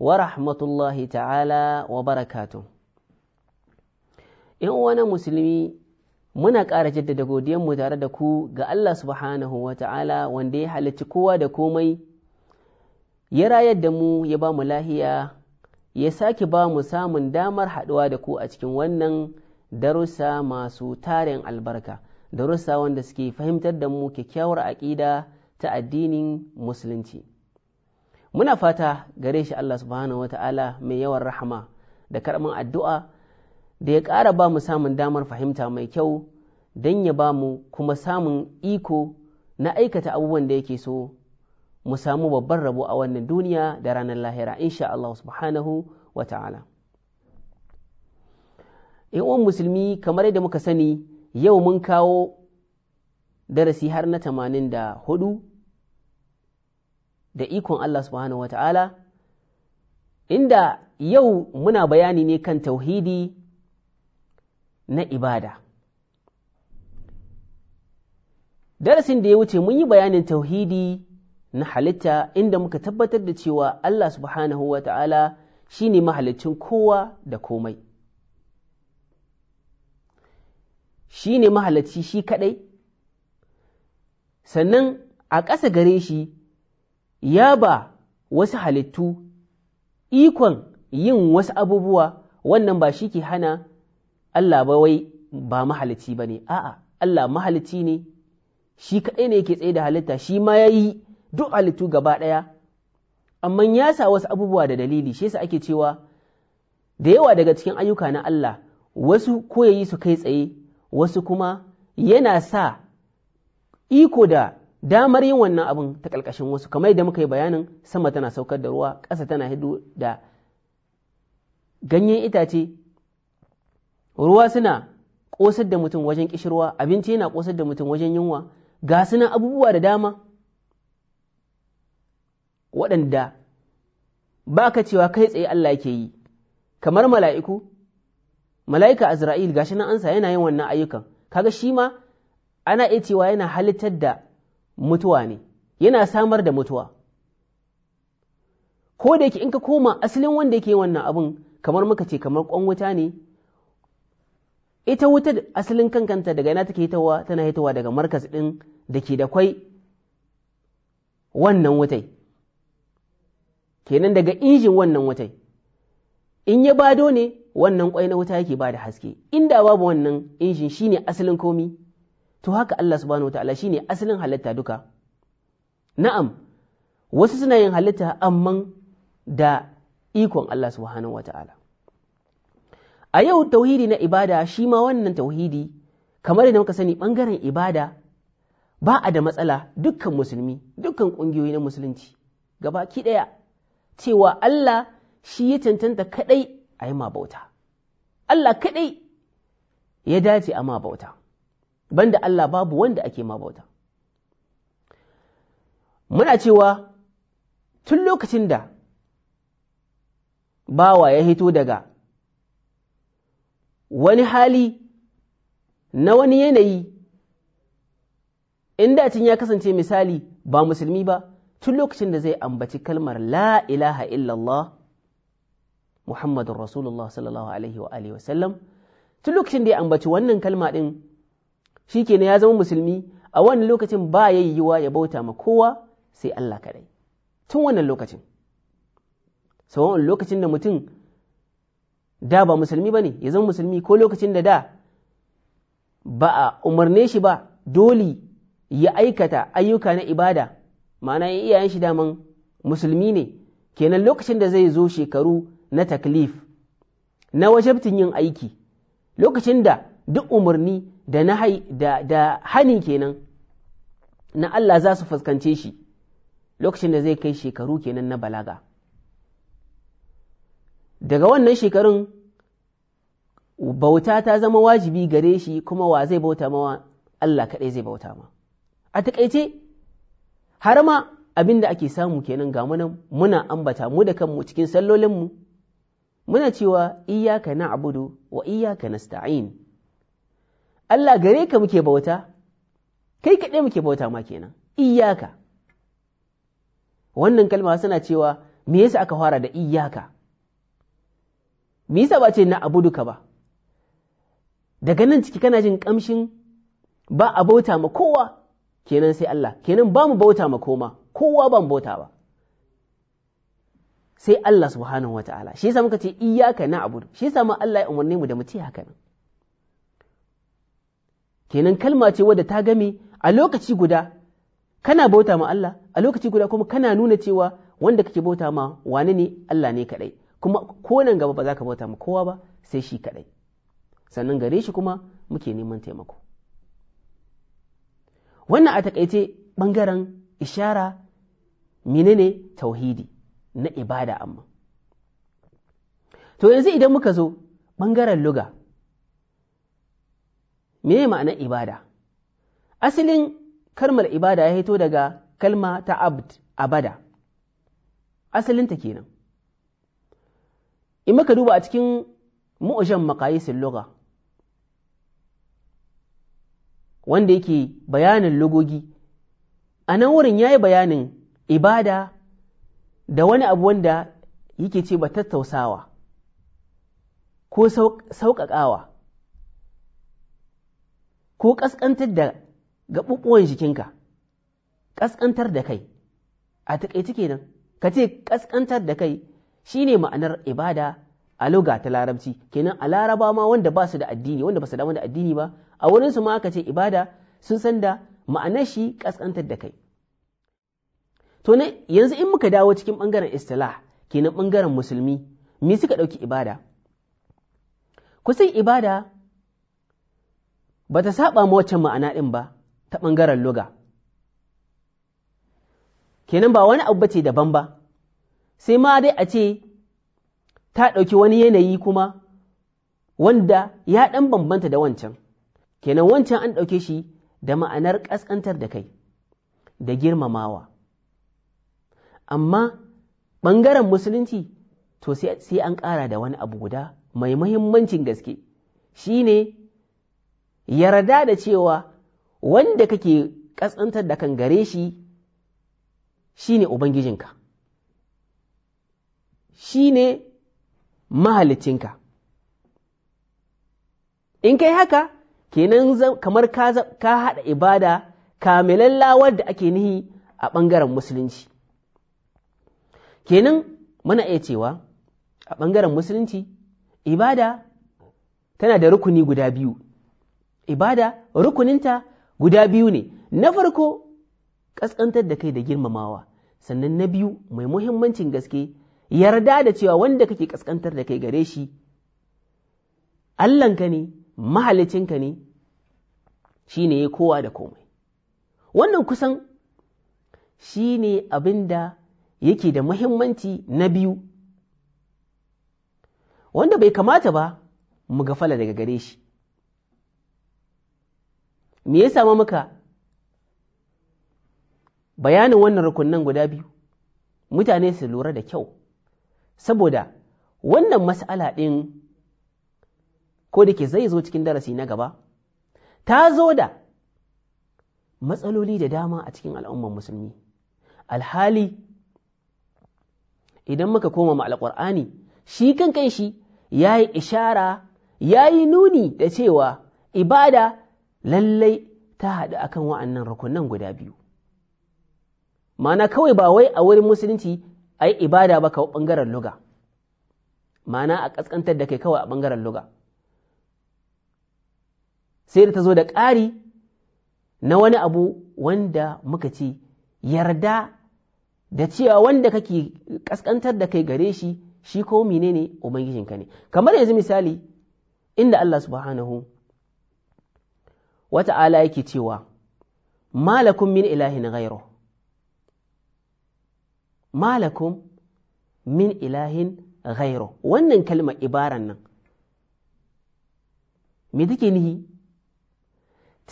wa rahmatullahi ta'ala wa barakatu in wani musulmi muna ƙara jaddada mu tare da ku ga Allah subhanahu wa ta'ala wanda ya halicci kowa da komai ya rayar da mu ya ba mu lahiya ya sake ba mu samun damar haɗuwa da ku a cikin wannan darussa masu tarin albarka darussa wanda suke fahimtar da mu kyakkyawar aƙida ta addinin musulunci. muna fata gare shi Allah subhanahu ta'ala mai yawan rahama da karɓar addu'a da ya ƙara ba mu samun damar fahimta mai kyau don ya ba mu kuma samun iko na aikata abubuwan da yake so mu samu babban rabo a wannan duniya da ranar lahira insha Allah subhanahu wa ta'ala uwan musulmi kamar yadda muka sani yau mun kawo darasi har na tamanin da hudu da ikon Allah subhanahu wa ta'ala, inda yau muna bayani ne kan tauhidi na ibada. Darasin da ya wuce mun yi bayanin tauhidi na halitta inda muka tabbatar da cewa Allah subhanahu wa ta'ala shi ne mahalicin kowa da komai. shine ne mahalicci shi kaɗai, sannan a ƙasa gare shi ya ba wasu halittu ikon yin wasu abubuwa wannan ba shi ke hana Allah ba wai ba mahalici ba ne, a'a, Allah mahalici ne, shi kaɗai ne yake tsaye da halitta, shi ma ya yi duk halittu gaba ɗaya, amma ya sa wasu abubuwa da dalili, shi yasa ake cewa da yawa daga cikin ayyuka na Allah, wasu ko ya yi su kai tsaye, wasu kuma yana sa iko da damar yin wannan abin ta ƙalƙashin wasu kamar yadda muka yi bayanin sama tana saukar da ruwa ƙasa tana hidu da ganyen itace ruwa suna ƙosar da mutum wajen ƙishirwa abinci yana ƙosar da mutum wajen yunwa ga suna abubuwa da dama waɗanda ba ka cewa kai tsaye Allah yake yi kamar mala'iku mala'ika Azra'il shi na ansa yana yin wannan ayyukan kaga shi ma ana iya cewa yana halittar da mutuwa ne yana samar da mutuwa ko da yake in ka koma asalin wanda yake wannan abin kamar muka ce kamar kwan wuta ne ita wuta asalin kankanta daga yana take hitawa tana hitawa daga markas ɗin da ke da kwai wannan wutai kenan daga injin wannan wutai in ya bado ne wannan kwai na wuta yake ba da haske inda babu wannan injin shine asalin komi to haka Allah subhanahu wataala shine asalin halitta duka na'am wasu suna yin halitta amma da ikon Allah subhanahu wataala a yau tauhidi na ibada shi ma wannan tauhidi kamar da muka sani bangaren ibada ba a da matsala dukkan musulmi dukkan ƙungiyoyi na musulunci gaba ki ɗaya cewa Allah shi ya cancanta kaɗai a yi ma bauta Allah kaɗai ya dace a ma bauta banda Allah babu wanda ake ma bauta muna cewa tun lokacin da bawa ya hito daga wani hali na wani yanayi inda tun ya kasance misali ba musulmi ba tun lokacin da zai ambaci kalmar la ilaha illallah Muhammadun Rasulullah sallallahu Alaihi wa sallam tun lokacin da ya ambaci wannan kalma ɗin shi kenan ya zama musulmi a wannan lokacin ba ya yiwuwa ya bauta ma kowa sai Allah kaɗai tun wannan lokacin sawan lokacin da mutum da ba musulmi ba ne ya zama musulmi ko lokacin da da ba a umarne shi ba dole ya aikata ayyuka na ibada ma'ana iyayen shi daman musulmi ne kenan lokacin da zai zo shekaru na taklif na wajabtin yin aiki lokacin da duk umarni da na da da hani kenan na Allah za su fuskance shi lokacin da zai kai shekaru kenan na balaga daga wannan shekarun bauta ta zama wajibi gare shi kuma wa zai bauta mawa Allah kaɗai zai bauta ma a taƙaice har ma abin da ake samu kenan ga munan muna ambata mu da kanmu cikin sallolinmu muna cewa iyaka na abudu wa iyaka nasta'in Allah gare ka muke bauta kai kaɗai muke bauta ma kenan iyaka wannan kalma suna cewa me yasa aka fara da iyaka me yasa ba ce na ka ba daga nan ciki kana jin kamshin ba a bauta ma kowa kenan sai Allah kenan ba mu bauta ma koma kowa ban bauta ba sai Allah subhanahu wa ta'ala shi yasa muka ce iyaka na abudu shi yasa Allah ya umarni mu da mu ce haka nan kenan kalma ce wadda ta game a lokaci guda kana bauta ma Allah a lokaci guda kuma kana nuna cewa wanda kake bauta ma wane ne Allah ne kaɗai kuma ko nan gaba ba za ka bauta ma kowa ba sai shi kaɗai sannan gare shi kuma muke neman taimako wannan a taƙaice ɓangaren ishara menene tauhidi na ibada amma to yanzu idan muka zo ɓangaren luga ya ma'ana ibada asalin kalmar ibada ya hito daga kalma ta abd abada asalinta kenan in maka duba a cikin mu'ajan makayisin lugha wanda yake bayanin logogi a nan wurin ya yi bayanin ibada da wani abu wanda yake ce ba tattausawa ko sauƙaƙawa ko ƙasƙantar da gaɓuɓɓuwan jikinka ƙasƙantar da kai a taƙaice kenan ka ce ƙasƙantar da kai shi ne ma'anar ibada a loga ta larabci kenan a laraba ma wanda ba su da addini wanda ba su damu da addini ba a wurin su ma ka ce ibada sun san da ma'anar shi ƙasƙantar da kai to ne yanzu in muka dawo cikin ɓangaren istilah kenan ɓangaren musulmi me suka ɗauki ibada Ku san ibada ba ta saba ma waccan ma'ana ɗin ba ta ɓangaren luga kenan ba wani abu bace daban ba sai ma dai a ce ta ɗauki wani yanayi kuma wanda ya ɗan bambanta da wancan kenan wancan an ɗauke shi da ma'anar ƙasƙantar da kai da girmamawa amma ɓangaren musulunci to sai an ƙara da wani abu guda mai muhimmancin gaske shi ne yarda da cewa wanda kake ƙasƙantar da kan gare shi shi ne Ubangijinka, shi ne mahalicinka. In kai haka, kenan kamar ka haɗa ibada lawar da ake nihi a ɓangaren musulunci. Kenan muna iya cewa a ɓangaren musulunci, ibada tana da rukuni guda biyu. ibada rukuninta guda biyu ne na farko ƙasƙantar da kai da girmamawa sannan na biyu mai muhimmancin gaske yarda da cewa wanda kake ƙasƙantar da kai gare shi Allahnka ne mahalicinka ne shi ne ya kowa da komai wannan kusan shi ne abin da yake da muhimmanci na biyu wanda bai kamata ba mu gafala daga gare shi me ya samu muka bayanin wannan rukunan guda biyu mutane su lura da kyau saboda wannan mas'ala ɗin ko da ke zai zo cikin darasi na gaba ta zo da matsaloli da dama a cikin al'umman musulmi alhali idan muka koma ma alƙur'ani shi kan shi ya yi ishara ya yi nuni da cewa ibada lallai ta haɗu akan wa'annan rukunan guda biyu ma'ana kawai ba wai a wurin musulunci a ibada ba kawai ɓangaren luga ma'ana a ƙasƙantar da kai kawai a ɓangaren luga sai da ta zo da ƙari na wani abu wanda muka ce yarda da cewa wanda kake ƙasƙantar da kai gare shi shi ko menene ubangijinka ne kamar yanzu misali inda Allah subhanahu Wata'ala ala yake cewa malakun min ilahin gairo, malakun min ilahin gairo. wannan kalma ibaran nan me take nihi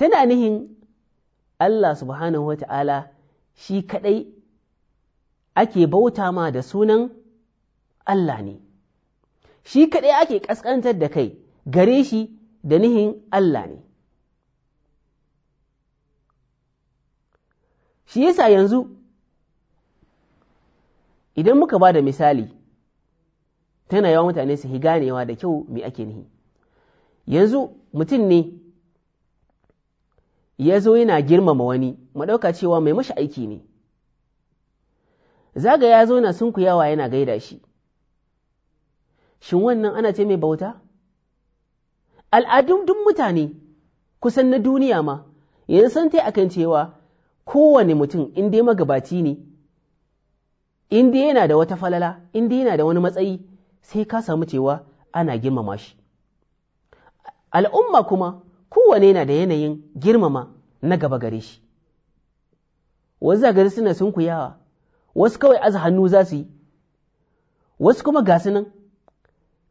tana nihin Allah subhanahu wa ta'ala shi kaɗai ake bauta ma da sunan Allah ne, shi kaɗai ake ƙasƙantar da kai gare shi da nihin Allah ne. shi yasa yanzu idan muka ba da misali tana yawa mutane su ganewa da kyau mai ake nihi yanzu mutum ne ya zo yana girmama wani maɗauka cewa mai mashi aiki ne zaga ya zo na sunkuyawa yana gaida shi shin wannan ana ce mai bauta al'adun duk mutane kusan na duniya ma yanzu san tai akan cewa kowane mutum in dai magabaci ne in dai yana da wata falala in dai yana da wani matsayi sai ka samu cewa ana girmama shi al'umma kuma kowane yana da yanayin girmama na gaba gare shi wasu zagari suna sun kuyawa wasu kawai aza hannu za su yi wasu kuma ga nan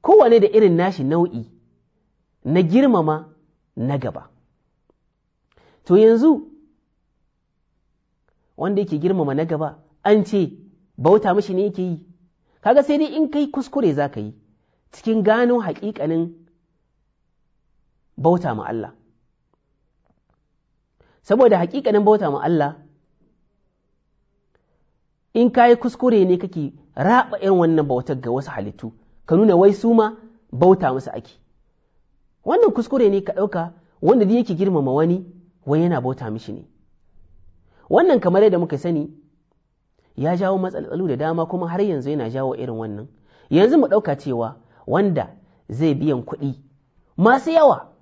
kowane da irin nashi nau'i na girmama na gaba to yanzu wanda yake girmama na gaba an ce bauta mishi ne yake yi kaga sai dai in kai kuskure za ka yi cikin gano haƙiƙanin bauta ma Allah saboda haƙiƙanin bauta ma Allah in ka kuskure ne kake raba irin wannan bautar ga wasu halittu ka nuna wai su ma bauta musu ake wannan kuskure ne ka ɗauka wanda da yake girmama wani wai yana bauta mishi ne wannan kamar yadda muka sani ya jawo matsaltsalu da dama kuma har yanzu yana jawo irin wannan yanzu mu ɗauka cewa wanda zai biyan kuɗi masu yawa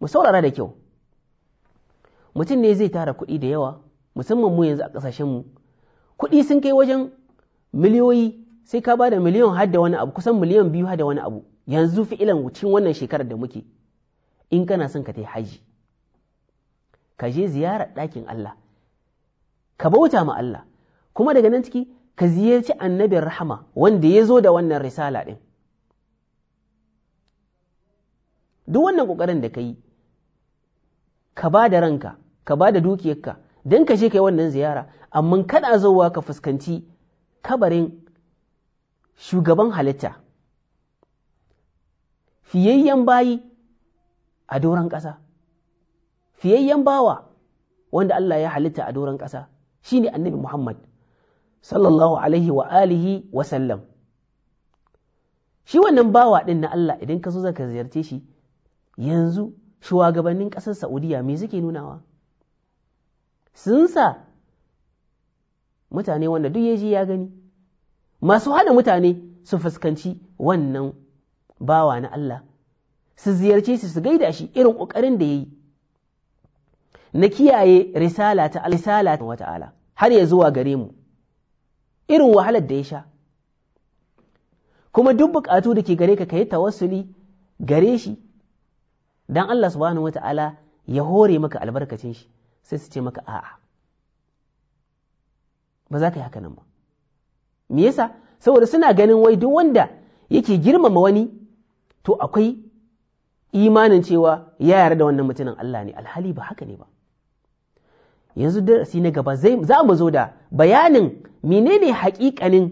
mu saurara da kyau mutum ne zai tara kuɗi da yawa musamman mu yanzu a mu. kuɗi sun kai wajen miliyoyi sai ka ba da miliyan har wani abu kusan miliyan biyu har da wani abu yanzu fi'ilan wucin wannan shekarar da muke in kana son ka tai haji ka je ziyarar ɗakin Allah ka bauta ma Allah kuma daga nan ciki ka ziyarci annabin rahama wanda ya zo da wannan risala ɗin duk wannan ƙoƙarin da ka yi ka ba da ranka ka ba da dukiyarka don ka je ka yi wannan ziyara amma kaɗa zowa ka fuskanci kabarin shugaban halitta fiyayyen bayi a doron ƙasa fiyayyen bawa wanda Allah ya halitta a doron ƙasa shine annabi Muhammad sallallahu alaihi wa alihi wa sallam shi wannan bawa ɗin na Allah idan ka zo zaka ziyarce shi yanzu shugabannin ƙasar Saudiya me suke nunawa sun sa mutane wanda duk ya ji ya gani masu haɗa mutane su fuskanci wannan bawa na Allah su ziyarce su su gaida shi irin ƙoƙarin da ya yi na kiyaye risala ta alisala ta wata'ala har ya zuwa gare mu irin wahalar da ya sha kuma duk bukatu da ke gare ka kai tawassuli gare shi Don Allah subhanahu wata'ala ya hore maka albarkacin shi sai su ce maka a'a ba za ka yi haka nan ba me yasa saboda suna ganin wai duk wanda yake girmama wani to akwai imanin cewa ya yarda da wannan mutumin Allah ne alhali ba haka ne ba yanzu darasi na gaba za mu zo da bayanin menene haƙiƙanin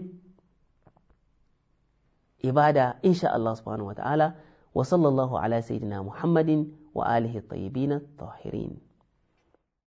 ibada insha Allah subhanahu wa ta'ala wa sallallahu ala sayyidina Muhammadin wa alihi tayyibin tahirin